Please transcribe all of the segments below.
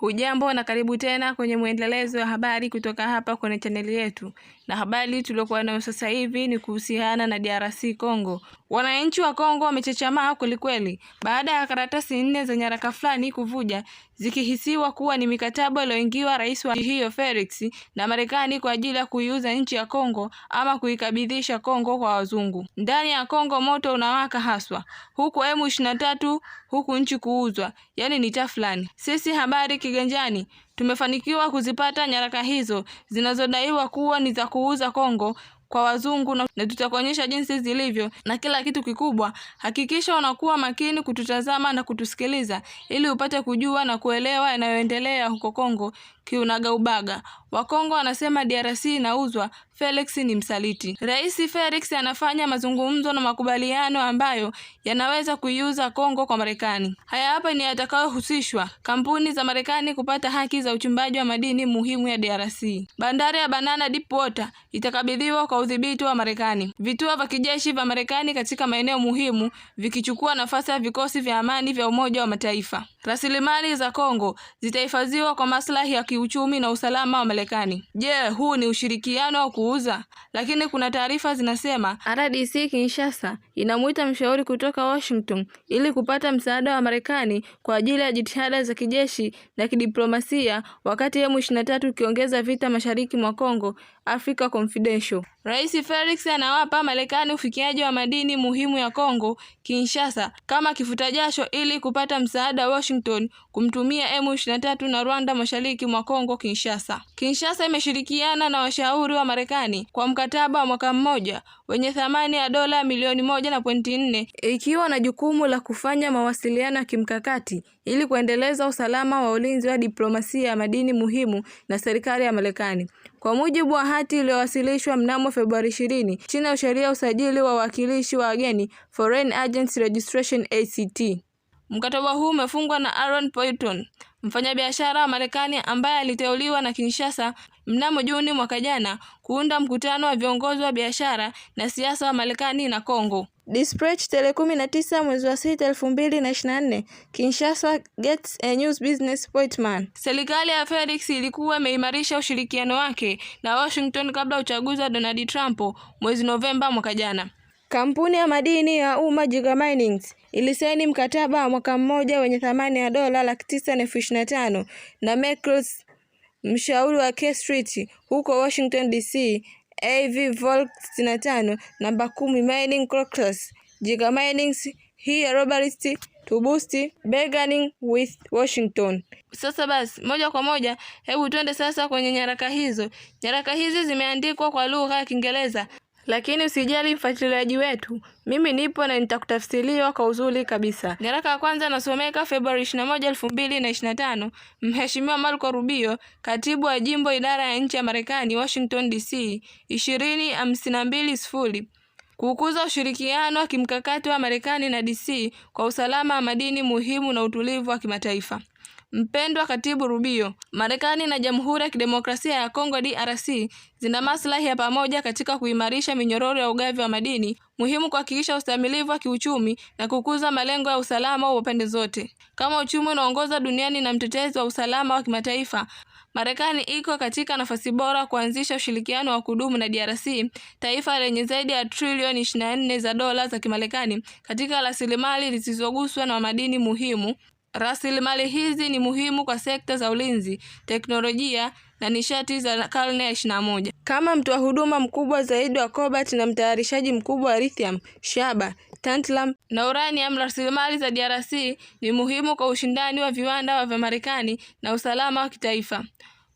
Hujambo na karibu tena kwenye mwendelezo wa habari kutoka hapa kwenye chaneli yetu, na habari tuliokuwa nayo sasa hivi ni kuhusiana na DRC Congo Wananchi wa Kongo wamechechamaa kwelikweli baada ya karatasi nne za nyaraka fulani kuvuja zikihisiwa kuwa ni mikataba iliyoingiwa rais wa nchi hiyo Felix na Marekani kwa ajili ya kuiuza nchi ya Kongo ama kuikabidhisha Kongo kwa wazungu. Ndani ya Kongo moto unawaka haswa, huku M23 huku nchi kuuzwa, yaani ni tafulani. Sisi habari kiganjani tumefanikiwa kuzipata nyaraka hizo zinazodaiwa kuwa ni za kuuza Kongo kwa wazungu na, na tutakuonyesha jinsi zilivyo na kila kitu kikubwa. Hakikisha unakuwa makini kututazama na kutusikiliza ili upate kujua na kuelewa yanayoendelea huko Kongo kiunaga ubaga Wakongo wanasema DRC inauzwa, Felix ni msaliti. Rais Felix anafanya mazungumzo na makubaliano ambayo yanaweza kuiuza Kongo kwa Marekani. Haya hapa ni yatakayohusishwa: kampuni za Marekani kupata haki za uchimbaji wa madini muhimu ya DRC, bandari ya Banana Deep Water itakabidhiwa kwa udhibiti wa Marekani, vituo vya kijeshi vya Marekani katika maeneo muhimu vikichukua nafasi ya vikosi vya amani vya Umoja wa Mataifa. Rasilimali za Kongo zitahifadhiwa kwa maslahi ya kiuchumi na usalama wa Marekani. Je, huu ni ushirikiano wa kuuza? Lakini kuna taarifa zinasema RDC Kinshasa inamuita mshauri kutoka Washington ili kupata msaada wa Marekani kwa ajili ya jitihada za kijeshi na kidiplomasia, wakati M23 ukiongeza vita mashariki mwa Kongo. Africa Confidential. Rais Felix anawapa Marekani ufikiaji wa madini muhimu ya Kongo Kinshasa kama kifuta jasho ili kupata msaada Washington kumtumia M23 na Rwanda mashariki mwa Kongo Kinshasa. Kinshasa imeshirikiana na washauri wa Marekani kwa mkataba wa mwaka mmoja wenye thamani ya dola milioni moja na pointi nne ikiwa na jukumu la kufanya mawasiliano ya kimkakati ili kuendeleza usalama wa ulinzi wa diplomasia ya madini muhimu na serikali ya Marekani. Kwa mujibu wa hati iliyowasilishwa mnamo Februari 20 chini ya sheria ya usajili wa wawakilishi wa wageni Foreign Agents Registration ACT. Mkataba huu umefungwa na Aaron Poyton, mfanyabiashara wa Marekani ambaye aliteuliwa na Kinshasa mnamo Juni mwaka jana kuunda mkutano wa viongozi wa biashara na siasa wa Marekani na Kongo. Dispatch tarehe kumi na tisa mwezi wa sita elfu mbili na ishirini na nne Kinshasa Gets a News Business Appointment. Serikali ya Felix ilikuwa imeimarisha ushirikiano wake na Washington kabla ya uchaguzi wa Donald Trump mwezi Novemba mwaka jana. Kampuni ya madini ya umma Jiga Minings ilisaini mkataba wa mwaka mmoja wenye thamani ya dola laki tisa na elfu ishirini na tano na Macros Mshauri wa K Street huko Washington DC AV Volk 65 namba 10 Mining Caucus Jiga Mining hii ya Robert boost beginning with Washington. Sasa basi moja kwa moja, hebu twende sasa kwenye nyaraka hizo. Nyaraka hizi zimeandikwa kwa lugha ya Kiingereza lakini usijali mfuatiliaji wetu, mimi nipo na nitakutafsiriwa kwa uzuri kabisa. Nyaraka ya kwanza inasomeka Februari 21, 2025. Mheshimiwa Marco Rubio, katibu wa jimbo, idara ya nchi ya Marekani, Washington DC, 20220 kukuza ushirikiano wa kimkakati wa Marekani na DC kwa usalama wa madini muhimu na utulivu wa kimataifa. Mpendwa Katibu Rubio, Marekani na Jamhuri ya Kidemokrasia ya Kongo DRC zina maslahi ya pamoja katika kuimarisha minyororo ya ugavi wa madini muhimu kuhakikisha ustamilivu wa kiuchumi na kukuza malengo ya usalama wa pande zote. Kama uchumi unaongoza duniani na mtetezi wa usalama wa kimataifa, Marekani iko katika nafasi bora kuanzisha ushirikiano wa kudumu na DRC, taifa lenye zaidi ya trilioni 24 za dola za Kimarekani katika rasilimali zisizoguswa na madini muhimu. Rasilimali hizi ni muhimu kwa sekta za ulinzi, teknolojia na nishati za karne ya moja. Kama mtoa huduma mkubwa zaidi wa cobalt na mtayarishaji mkubwa wa lithium, shaba, tantalum na uranium, rasilimali za DRC ni muhimu kwa ushindani wa viwanda vya Marekani na usalama wa kitaifa.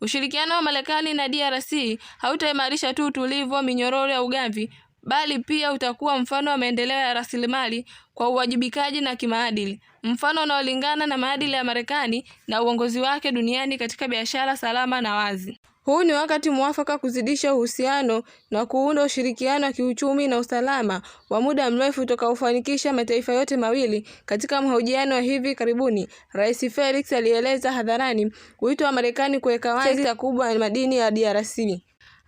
Ushirikiano wa Marekani na DRC hautaimarisha tu utulivu wa minyororo ya ugavi bali pia utakuwa mfano wa maendeleo ya rasilimali kwa uwajibikaji na kimaadili, mfano unaolingana na maadili ya Marekani na uongozi wake duniani katika biashara salama na wazi. Huu ni wakati mwafaka kuzidisha uhusiano na kuunda ushirikiano wa kiuchumi na usalama wa muda mrefu utakaofanikisha mataifa yote mawili. Katika mahojiano ya hivi karibuni, Rais Felix alieleza hadharani wito wa Marekani kuweka wazi sekta kubwa ya madini ya DRC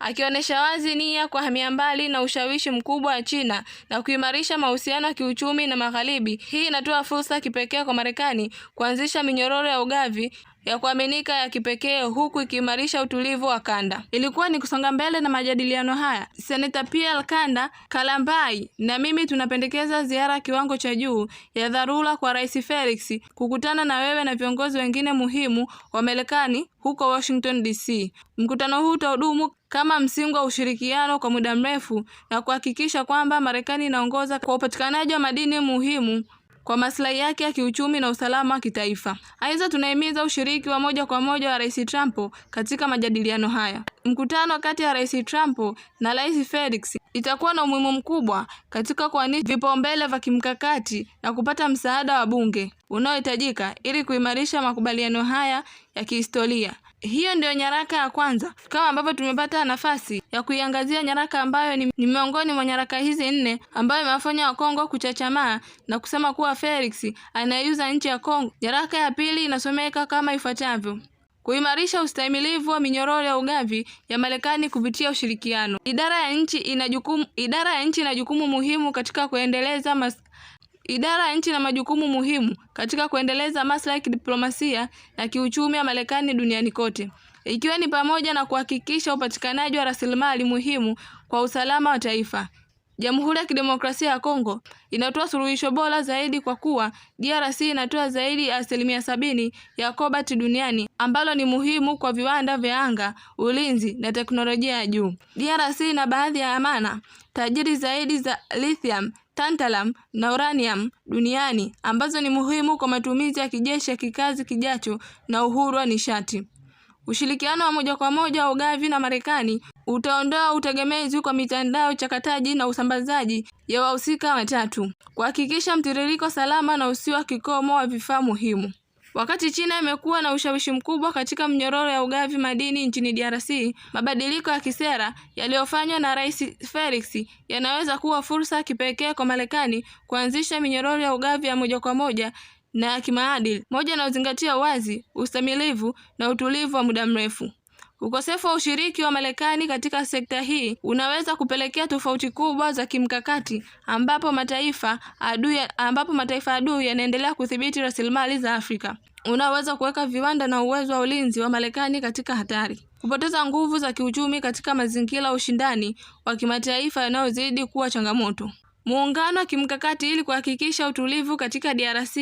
akionyesha wazi nia kuhamia mbali na ushawishi mkubwa wa China na kuimarisha mahusiano ya kiuchumi na Magharibi. Hii inatoa fursa kipekee kwa Marekani kuanzisha minyororo ya ugavi ya kuaminika ya kipekee huku ikiimarisha utulivu wa kanda. Ilikuwa ni kusonga mbele na majadiliano haya. senata Pierre Kanda Kalambai na mimi tunapendekeza ziara kiwango cha juu ya dharura kwa Rais Felix kukutana na wewe na viongozi wengine muhimu wa Marekani huko Washington DC. Mkutano huu utahudumu kama msingi wa ushirikiano kwa muda mrefu na kuhakikisha kwamba Marekani inaongoza kwa upatikanaji wa madini muhimu kwa maslahi yake ya kiuchumi na usalama wa kitaifa. Aidha, tunahimiza ushiriki wa moja kwa moja wa Rais Trump katika majadiliano haya. Mkutano kati ya Rais Trump na Rais Felix itakuwa na umuhimu mkubwa katika kuanisha vipaumbele vya kimkakati na kupata msaada wa bunge unaohitajika ili kuimarisha makubaliano haya ya kihistoria. Hiyo ndio nyaraka ya kwanza, kama ambavyo tumepata nafasi ya kuiangazia nyaraka ambayo ni, ni miongoni mwa nyaraka hizi nne ambayo imewafanya Wakongo kuchachamaa na kusema kuwa Felix anaiuza nchi ya Kongo. Nyaraka ya pili inasomeka kama ifuatavyo: kuimarisha ustahimilivu wa minyororo ya ugavi ya Marekani kupitia ushirikiano. Idara ya nchi ina jukumu idara ya nchi ina jukumu muhimu katika kuendeleza mas, Idara ya nchi na majukumu muhimu katika kuendeleza maslahi ya kidiplomasia na kiuchumi ya Marekani duniani kote ikiwa ni pamoja na kuhakikisha upatikanaji wa rasilimali muhimu kwa usalama wa taifa. Jamhuri ya Kidemokrasia ya Kongo inatoa suluhisho bora zaidi kwa kuwa DRC inatoa zaidi ya asilimia sabini ya kobalt duniani ambalo ni muhimu kwa viwanda vya anga, ulinzi na teknolojia ya juu. DRC ina baadhi ya amana tajiri zaidi za lithium, tantalum na uranium duniani ambazo ni muhimu kwa matumizi ya kijeshi ya kikazi kijacho na uhuru wa nishati. Ushirikiano wa moja kwa moja wa ugavi na Marekani utaondoa utegemezi kwa mitandao uchakataji na usambazaji ya wahusika watatu, kuhakikisha mtiririko salama na usio wa kikomo wa vifaa muhimu. Wakati China imekuwa na ushawishi mkubwa katika mnyororo ya ugavi madini nchini DRC, mabadiliko ya kisera yaliyofanywa na Rais Felix yanaweza kuwa fursa ya kipekee kwa Marekani kuanzisha minyororo ya ugavi ya moja kwa moja na ya kimaadili, moja uzingatia wazi, ustamilivu na utulivu wa muda mrefu. Ukosefu wa ushiriki wa Marekani katika sekta hii unaweza kupelekea tofauti kubwa za kimkakati ambapo mataifa adui ambapo mataifa adui yanaendelea kudhibiti rasilimali za Afrika. Unaweza kuweka viwanda na uwezo wa ulinzi wa Marekani katika hatari. Kupoteza nguvu za kiuchumi katika mazingira ya ushindani wa kimataifa yanayozidi kuwa changamoto muungano wa kimkakati ili kuhakikisha utulivu katika DRC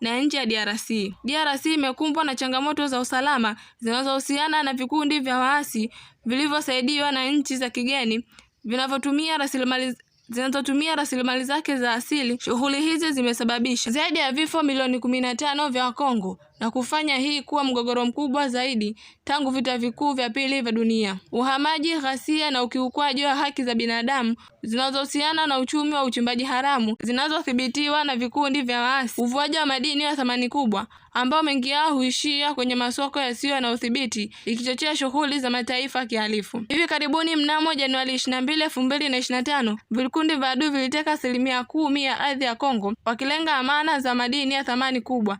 na nje ya DRC. DRC imekumbwa na changamoto za usalama zinazohusiana na vikundi vya waasi vilivyosaidiwa na nchi za kigeni vinavyotumia rasilimali zinazotumia rasilimali zake za asili. Shughuli hizi zimesababisha zaidi ya vifo milioni kumi na tano vya Wakongo na kufanya hii kuwa mgogoro mkubwa zaidi tangu vita vikuu vya pili vya dunia. Uhamaji, ghasia na ukiukwaji wa haki za binadamu zinazohusiana na uchumi wa uchimbaji haramu zinazothibitiwa na vikundi vya waasi, uvuaji wa madini ya thamani kubwa ambao mengi yao huishia kwenye masoko yasiyo na udhibiti, ikichochea shughuli za mataifa kihalifu. Hivi karibuni, mnamo Januari 22, 2025 vikundi vya adui viliteka asilimia kumi ya ardhi ya Kongo wakilenga amana za madini ya thamani kubwa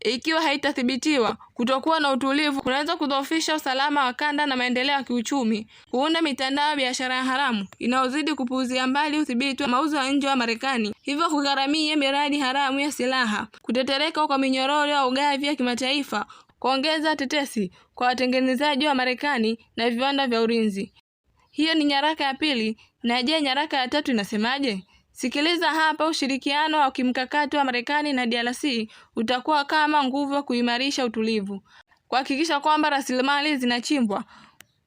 ikiwa haitathibitiwa. Kutokuwa na utulivu kunaweza kudhoofisha usalama wa kanda na maendeleo ya kiuchumi, kuunda mitandao ya biashara ya haramu inayozidi kupuuzia mbali udhibiti wa mauzo ya nje wa Marekani, hivyo kugharamia miradi haramu ya silaha, kutetereka kwa minyororo ya ugavi ya kimataifa, kuongeza tetesi kwa watengenezaji wa Marekani na viwanda vya ulinzi. Hiyo ni nyaraka ya pili, na je, nyaraka ya tatu inasemaje? Sikiliza hapa, ushirikiano wa kimkakati wa Marekani na DRC utakuwa kama nguvu ya kuimarisha utulivu, kuhakikisha kwamba rasilimali zinachimbwa,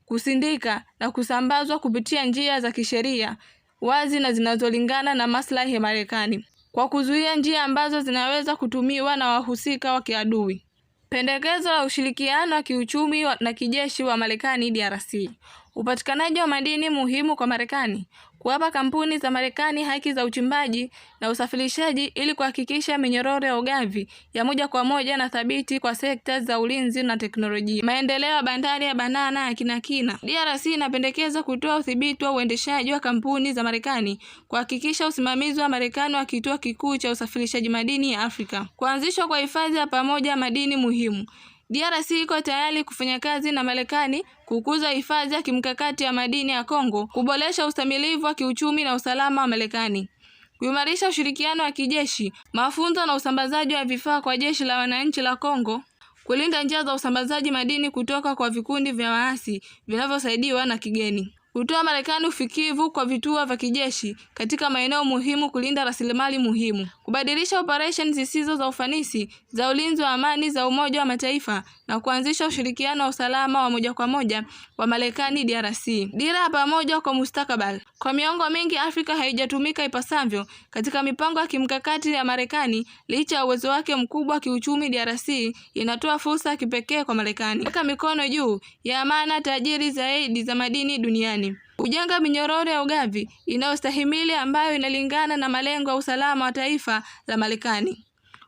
kusindika na kusambazwa kupitia njia za kisheria wazi na zinazolingana na maslahi ya Marekani, kwa kuzuia njia ambazo zinaweza kutumiwa na wahusika wa kiadui. Pendekezo la ushirikiano wa kiuchumi na kijeshi wa Marekani DRC Upatikanaji wa madini muhimu kwa Marekani kuwapa kampuni za Marekani haki za uchimbaji na usafirishaji ili kuhakikisha minyororo ya ugavi ya moja kwa moja na thabiti kwa sekta za ulinzi na teknolojia. Maendeleo ya bandari ya Banana ya kina DRC inapendekeza kutoa udhibiti wa uendeshaji wa kampuni za Marekani kuhakikisha usimamizi wa Marekani wa kituo kikuu cha usafirishaji madini ya Afrika. Kuanzishwa kwa hifadhi ya pamoja ya madini muhimu. DRC iko tayari kufanya kazi na Marekani kukuza hifadhi ya kimkakati ya madini ya Kongo, kuboresha ustamilivu wa kiuchumi na usalama wa Marekani, kuimarisha ushirikiano wa kijeshi, mafunzo na usambazaji wa vifaa kwa jeshi la wananchi la Kongo, kulinda njia za usambazaji madini kutoka kwa vikundi vya waasi vinavyosaidiwa na kigeni hutoa Marekani ufikivu kwa vituo vya kijeshi katika maeneo muhimu kulinda rasilimali muhimu, kubadilisha operesheni zisizo za ufanisi za ulinzi wa amani za Umoja wa Mataifa na kuanzisha ushirikiano wa usalama wa moja kwa moja wa Marekani DRC. Dira ya pamoja kwa mustakabali. Kwa miongo mingi Afrika haijatumika ipasavyo katika mipango ya kimkakati ya Marekani. Licha ya uwezo wake mkubwa kiuchumi, DRC inatoa fursa ya kipekee kwa Marekani. Weka mikono juu ya amana tajiri zaidi za madini duniani kujenga minyororo ya ugavi inayostahimili ambayo inalingana na malengo ya usalama wa taifa la Marekani,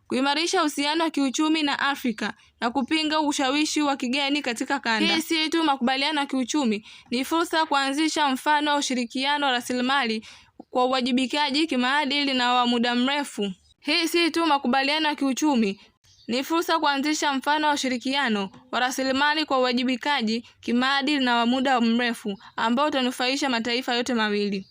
kuimarisha uhusiano wa kiuchumi na Afrika na kupinga ushawishi wa kigeni katika kanda. Hii si tu makubaliano ya kiuchumi, ni fursa ya kuanzisha mfano wa ushirikiano wa rasilimali kwa uwajibikaji kimaadili na wa muda mrefu. Hii si tu makubaliano ya kiuchumi, ni fursa kuanzisha mfano wa ushirikiano wa rasilimali kwa uwajibikaji kimaadili na wa muda mrefu ambao utanufaisha mataifa yote mawili.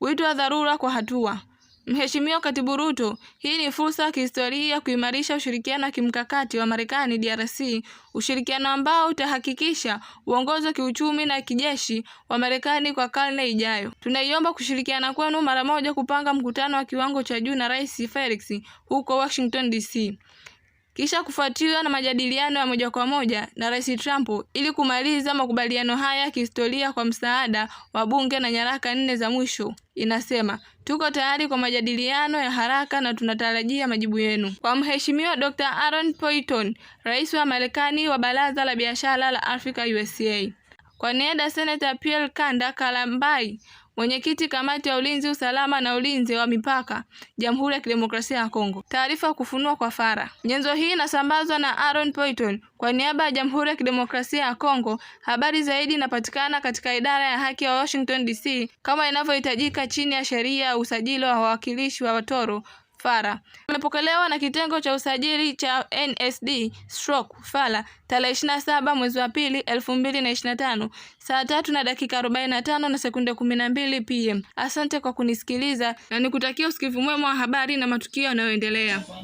Wito wa dharura kwa hatua. Mheshimiwa Katibu Ruto, hii ni fursa ya kihistoria kuimarisha ushirikiano wa kimkakati wa Marekani DRC, ushirikiano ambao utahakikisha uongozi wa kiuchumi na kijeshi wa Marekani kwa karne ijayo. Tunaiomba kushirikiana kwenu mara moja kupanga mkutano wa kiwango cha juu na Rais Felix huko Washington DC kisha kufuatiwa na majadiliano ya moja kwa moja na Rais Trump ili kumaliza makubaliano haya ya kihistoria kwa msaada wa bunge na nyaraka nne za mwisho. Inasema, tuko tayari kwa majadiliano ya haraka na tunatarajia majibu yenu. Kwa Mheshimiwa Dr. Aaron Poyton, Rais wa Marekani wa Baraza la Biashara la Afrika USA, Kwa niaba ya Senator Pierre Kanda Kalambai mwenyekiti kamati ya ulinzi, usalama na ulinzi wa mipaka, Jamhuri ya Kidemokrasia ya Kongo. Taarifa kufunua kwa Fara. Nyenzo hii inasambazwa na Aaron Poyton kwa niaba ya Jamhuri ya Kidemokrasia ya Kongo. Habari zaidi inapatikana katika idara ya haki ya Washington DC, kama inavyohitajika chini ya sheria ya usajili wa wawakilishi wa watoro Fara amepokelewa na kitengo cha usajili cha NSD stroke Fara tarehe 27 mwezi wa pili 2025 saa tatu na dakika 45 na sekunde 12 pm. Asante kwa kunisikiliza na nikutakia usikivu mwema wa habari na matukio yanayoendelea.